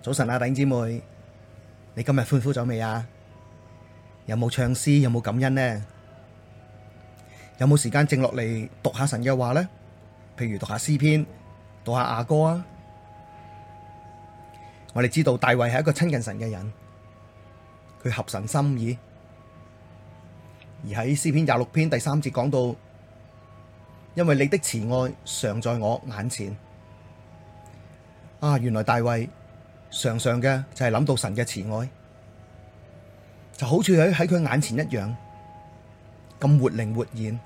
早晨啊，弟兄姊妹，你今日歡呼咗未啊？有冇唱詩？有冇感恩呢？有冇時間靜落嚟讀下神嘅話呢？譬如讀下詩篇，讀下阿哥啊。我哋知道大衛係一個親近神嘅人，佢合神心意。而喺詩篇廿六篇第三節講到，因為你的慈愛常在我眼前啊，原來大衛。常常嘅就係諗到神嘅慈愛，就好似喺喺佢眼前一樣，咁活靈活現。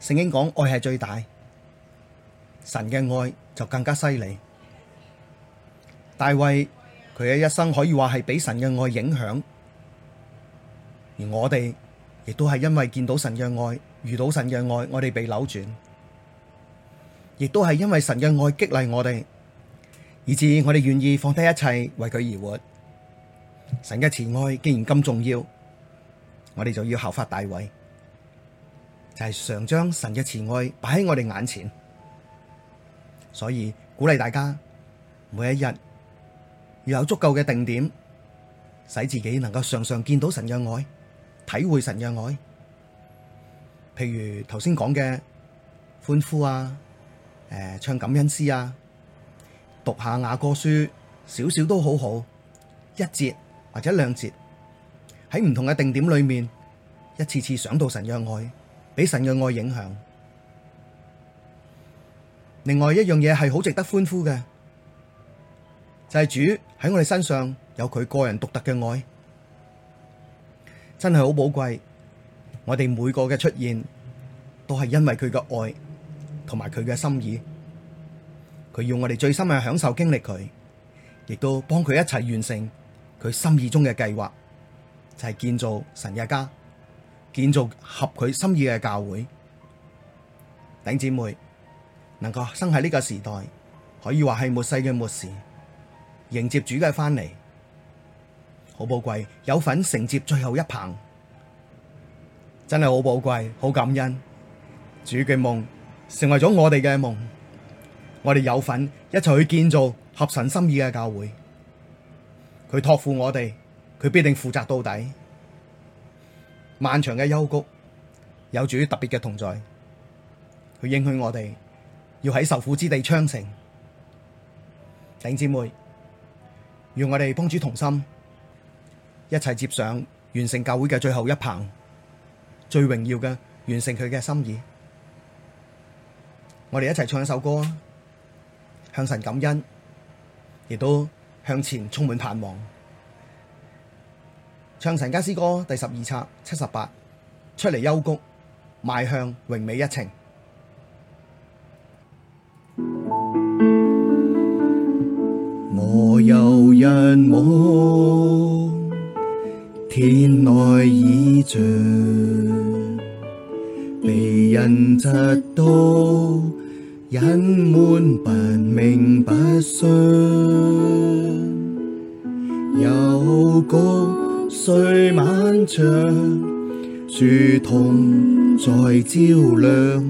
聖經講愛係最大，神嘅愛就更加犀利。大衛佢嘅一生可以話係俾神嘅愛影響，而我哋亦都係因為見到神嘅愛，遇到神嘅愛，我哋被扭轉，亦都係因為神嘅愛激勵我哋。以至我哋願意放低一切為佢而活。神嘅慈愛既然咁重要，我哋就要效法大衛，就係、是、常將神嘅慈愛擺喺我哋眼前。所以鼓勵大家，每一日要有足夠嘅定點，使自己能夠常常見到神嘅愛，體會神嘅愛。譬如頭先講嘅歡呼啊，誒、呃、唱感恩詩啊。讀下雅歌書，少少都好好，一節或者兩節，喺唔同嘅定點裏面，一次次想到神嘅愛，俾神嘅愛影響。另外一樣嘢係好值得歡呼嘅，就係主喺我哋身上有佢個人獨特嘅愛，真係好寶貴。我哋每個嘅出現都係因為佢嘅愛同埋佢嘅心意。佢用我哋最深嘅享受經歷佢，亦都幫佢一齊完成佢心意中嘅計劃，就係建造神嘅家，建造合佢心意嘅教會。頂姊妹能夠生喺呢個時代，可以話係末世嘅末時，迎接主嘅翻嚟，好寶貴，有份承接最後一棒，真係好寶貴，好感恩。主嘅夢成為咗我哋嘅夢。我哋有份一齊去建造合神心意嘅教會，佢托付我哋，佢必定負責到底。漫長嘅幽谷有主特別嘅同在，佢應許我哋要喺受苦之地昌盛。頂姐妹，讓我哋幫主同心，一齊接上完成教會嘅最後一棒，最榮耀嘅完成佢嘅心意。我哋一齊唱一首歌啊！向神感恩，亦都向前充滿盼望。唱神家詩歌第十二冊七十八，出嚟幽谷，邁向榮美一程。我有日暮，天內已像被人插刀。隱瞞不明不信，幽谷雖漫長，主同在照亮，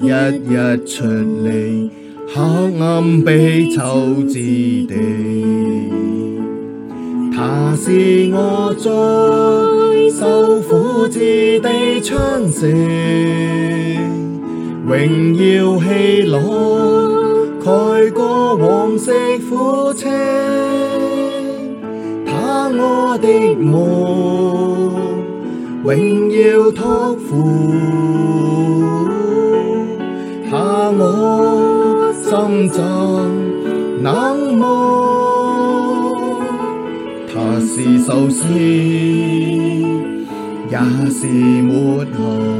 一日出離，黑暗被囚之地，祂使我在受苦之地昌盛。榮耀喜樂蓋過往昔苦情。他我的夢，榮耀託付，他我心怎冷漠？他是首先，也是末後。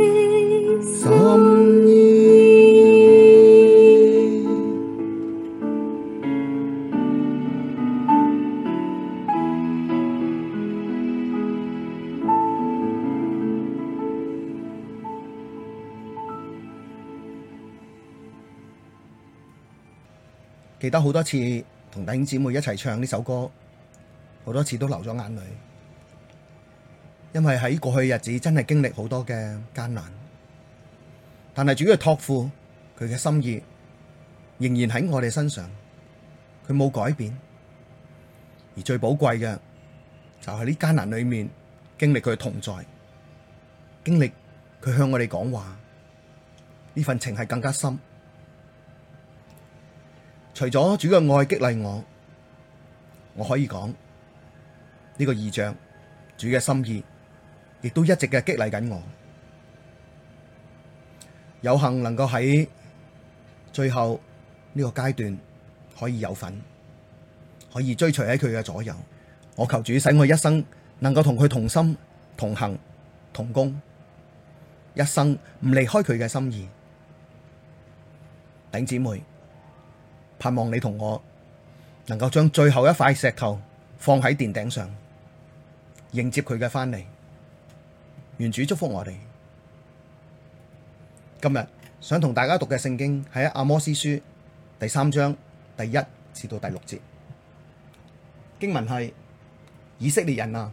記得好多次同弟兄姊妹一齊唱呢首歌，好多次都流咗眼淚，因為喺過去日子真係經歷好多嘅艱難，但係主要託付佢嘅心意仍然喺我哋身上，佢冇改變。而最寶貴嘅就係呢艱難裏面經歷佢嘅同在，經歷佢向我哋講話，呢份情係更加深。除咗主嘅愛激勵我，我可以講呢、這個異象，主嘅心意亦都一直嘅激勵緊我。有幸能夠喺最後呢個階段可以有份，可以追隨喺佢嘅左右。我求主使我一生能夠同佢同心同行同工，一生唔離開佢嘅心意。頂姐妹。盼望你同我能夠將最後一塊石頭放喺殿頂上，迎接佢嘅翻嚟。願主祝福我哋。今日想同大家讀嘅聖經係阿摩司書第三章第一至到第六節經文係：以色列人啊，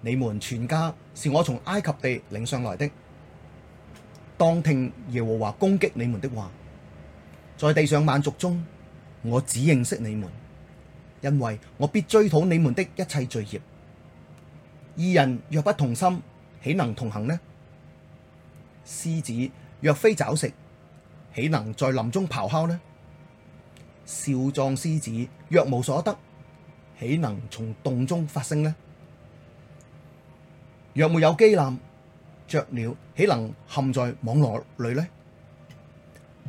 你們全家是我從埃及地領上來的，當聽耶和華攻擊你們的話。在地上萬族中，我只認識你們，因為我必追討你們的一切罪孽。二人若不同心，豈能同行呢？獅子若非抓食，豈能在林中咆哮呢？少壯獅子若無所得，豈能從洞中發聲呢？若沒有機檻，雀鳥豈能陷在網羅裡呢？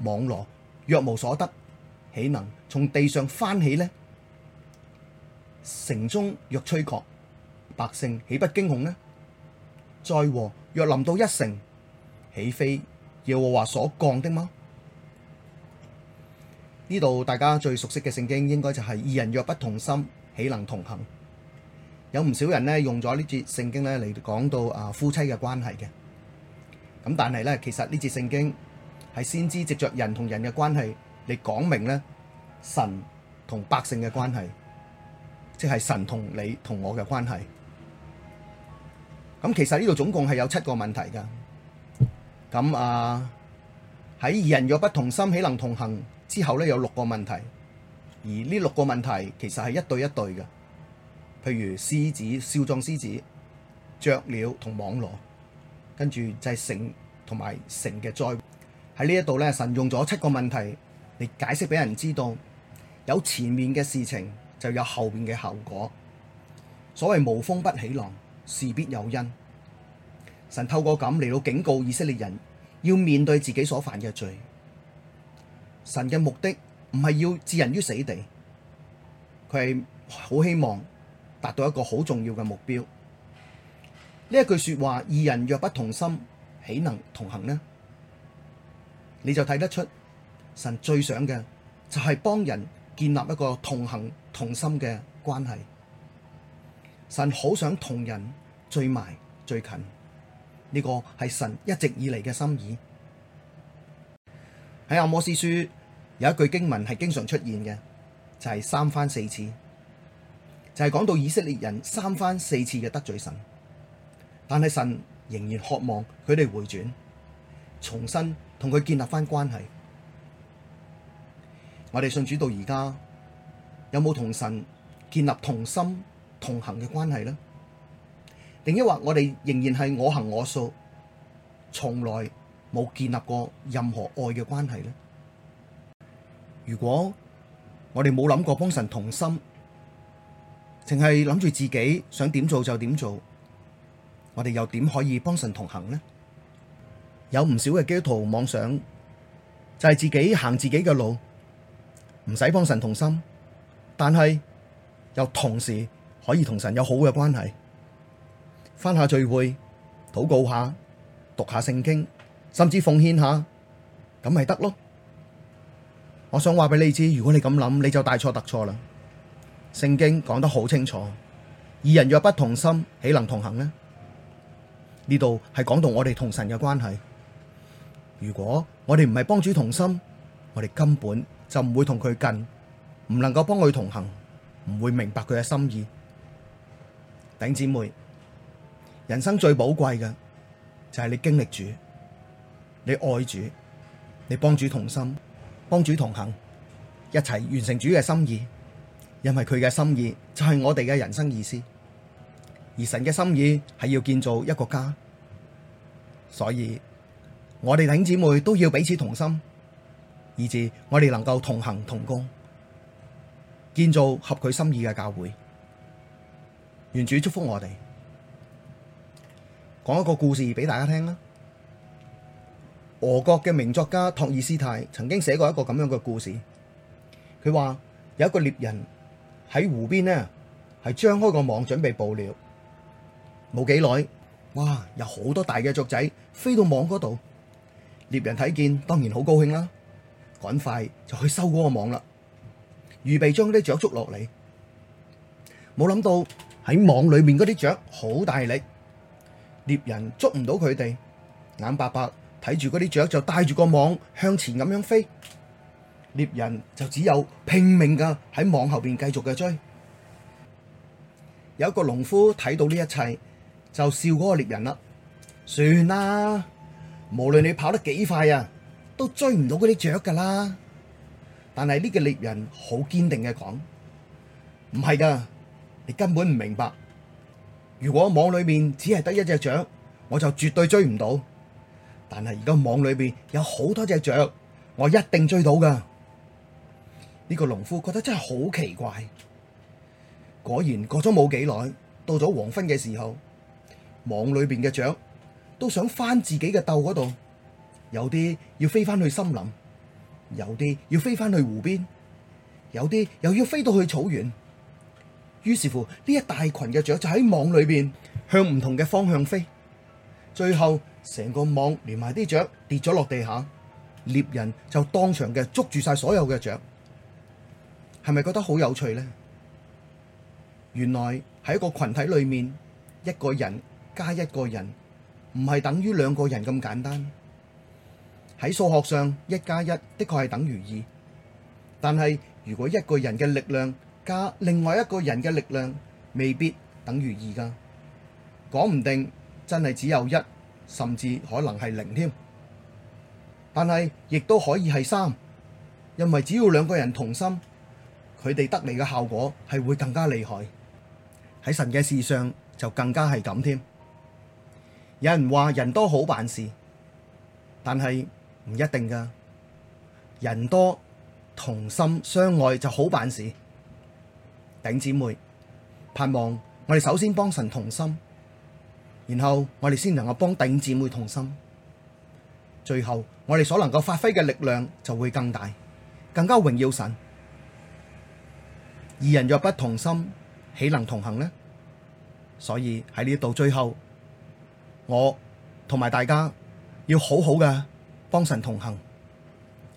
網羅。若無所得，豈能從地上翻起呢？城中若吹角，百姓豈不驚恐呢？災禍若臨到一城，豈非耶和華所降的嗎？呢度大家最熟悉嘅聖經應該就係二人若不同心，豈能同行？有唔少人呢用咗呢節聖經呢嚟講到啊夫妻嘅關係嘅，咁但係呢其實呢節聖經係先知藉着人同人嘅關係嚟講明咧神同百姓嘅關係，即係神同你同我嘅關係。咁其實呢度總共係有七個問題㗎。咁啊喺二人若不同心，豈能同行之後咧有六個問題，而呢六個問題其實係一對一對嘅，譬如獅子、少壯獅子、雀鳥同網羅，跟住就係城同埋城嘅災。喺呢一度咧，神用咗七個問題嚟解釋俾人知道，有前面嘅事情就有後面嘅後果。所謂無風不起浪，事必有因。神透過咁嚟到警告以色列人，要面對自己所犯嘅罪。神嘅目的唔係要置人於死地，佢係好希望達到一個好重要嘅目標。呢一句說話：二人若不同心，豈能同行呢？你就睇得出，神最想嘅就係、是、幫人建立一個同行同心嘅關係。神好想同人最埋最近，呢、這個係神一直以嚟嘅心意。喺阿摩司書有一句經文係經常出現嘅，就係、是、三番四次，就係、是、講到以色列人三番四次嘅得罪神，但係神仍然渴望佢哋回轉，重新，同佢建立返關係，我哋信主到而家，有冇同神建立同心同行嘅關係呢？定抑或我哋仍然係我行我素，從來冇建立過任何愛嘅關係呢？如果我哋冇諗過幫神同心，淨係諗住自己想點做就點做，我哋又點可以幫神同行呢？有唔少嘅基督徒妄想，就係自己行自己嘅路，唔使幫神同心，但係又同時可以同神有好嘅關係，翻下聚會禱告下，讀下聖經，甚至奉獻下，咁咪得咯？我想話俾你知，如果你咁諗，你就大錯特錯啦！聖經講得好清楚，二人若不同心，豈能同行呢？呢度係講到我哋同神嘅關係。如果我哋唔係幫主同心，我哋根本就唔會同佢近，唔能夠幫佢同行，唔會明白佢嘅心意。頂姊妹，人生最寶貴嘅就係你經歷主，你愛主，你幫主同心，幫主同行，一齊完成主嘅心意。因為佢嘅心意就係我哋嘅人生意思，而神嘅心意係要建造一個家，所以。我哋弟兄姊妹都要彼此同心，以致我哋能夠同行同工，建造合佢心意嘅教會。願主祝福我哋。講一個故事俾大家聽啦。俄國嘅名作家托爾斯泰曾經寫過一個咁樣嘅故事。佢話有一個獵人喺湖邊呢，係張開個網準備捕獵。冇幾耐，哇！有好多大嘅雀仔飛到網嗰度。獵人睇見當然好高興啦，趕快就去收嗰個網啦，預備將啲雀捉落嚟。冇諗到喺網裏面嗰啲雀好大力，獵人捉唔到佢哋，眼白白睇住嗰啲雀就帶住個網向前咁樣飛，獵人就只有拼命嘅喺網後邊繼續嘅追。有一個農夫睇到呢一切就笑嗰個獵人啦，算啦。無論你跑得幾快啊，都追唔到嗰啲雀噶啦。但係呢個獵人好堅定嘅講，唔係噶，你根本唔明白。如果網裏面只係得一隻雀，我就絕對追唔到。但係而家網裏面有好多隻雀，我一定追到噶。呢個農夫覺得真係好奇怪。果然過咗冇幾耐，到咗黃昏嘅時候，網裏邊嘅雀。都想翻自己嘅竇嗰度，有啲要飛翻去森林，有啲要飛翻去湖邊，有啲又要飛到去草原。於是乎，呢一大群嘅雀就喺網裏邊向唔同嘅方向飛，最後成個網連埋啲雀跌咗落地下，獵人就當場嘅捉住晒所有嘅雀。係咪覺得好有趣呢？原來喺一個群體裏面，一個人加一個人。唔係等於兩個人咁簡單。喺數學上，一加一的確係等於二，但係如果一個人嘅力量加另外一個人嘅力量，未必等於二㗎。講唔定真係只有一，甚至可能係零添。但係亦都可以係三，因為只要兩個人同心，佢哋得嚟嘅效果係會更加厲害。喺神嘅事上就更加係咁添。有人話人多好辦事，但係唔一定噶。人多同心相愛就好辦事。弟姊妹盼望我哋首先幫神同心，然後我哋先能夠幫弟姊妹同心，最後我哋所能夠發揮嘅力量就會更大，更加榮耀神。二人若不同心，豈能同行呢？所以喺呢度最後。我同埋大家要好好嘅幫神同行，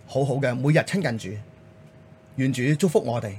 好好嘅每日親近主，願主祝福我哋。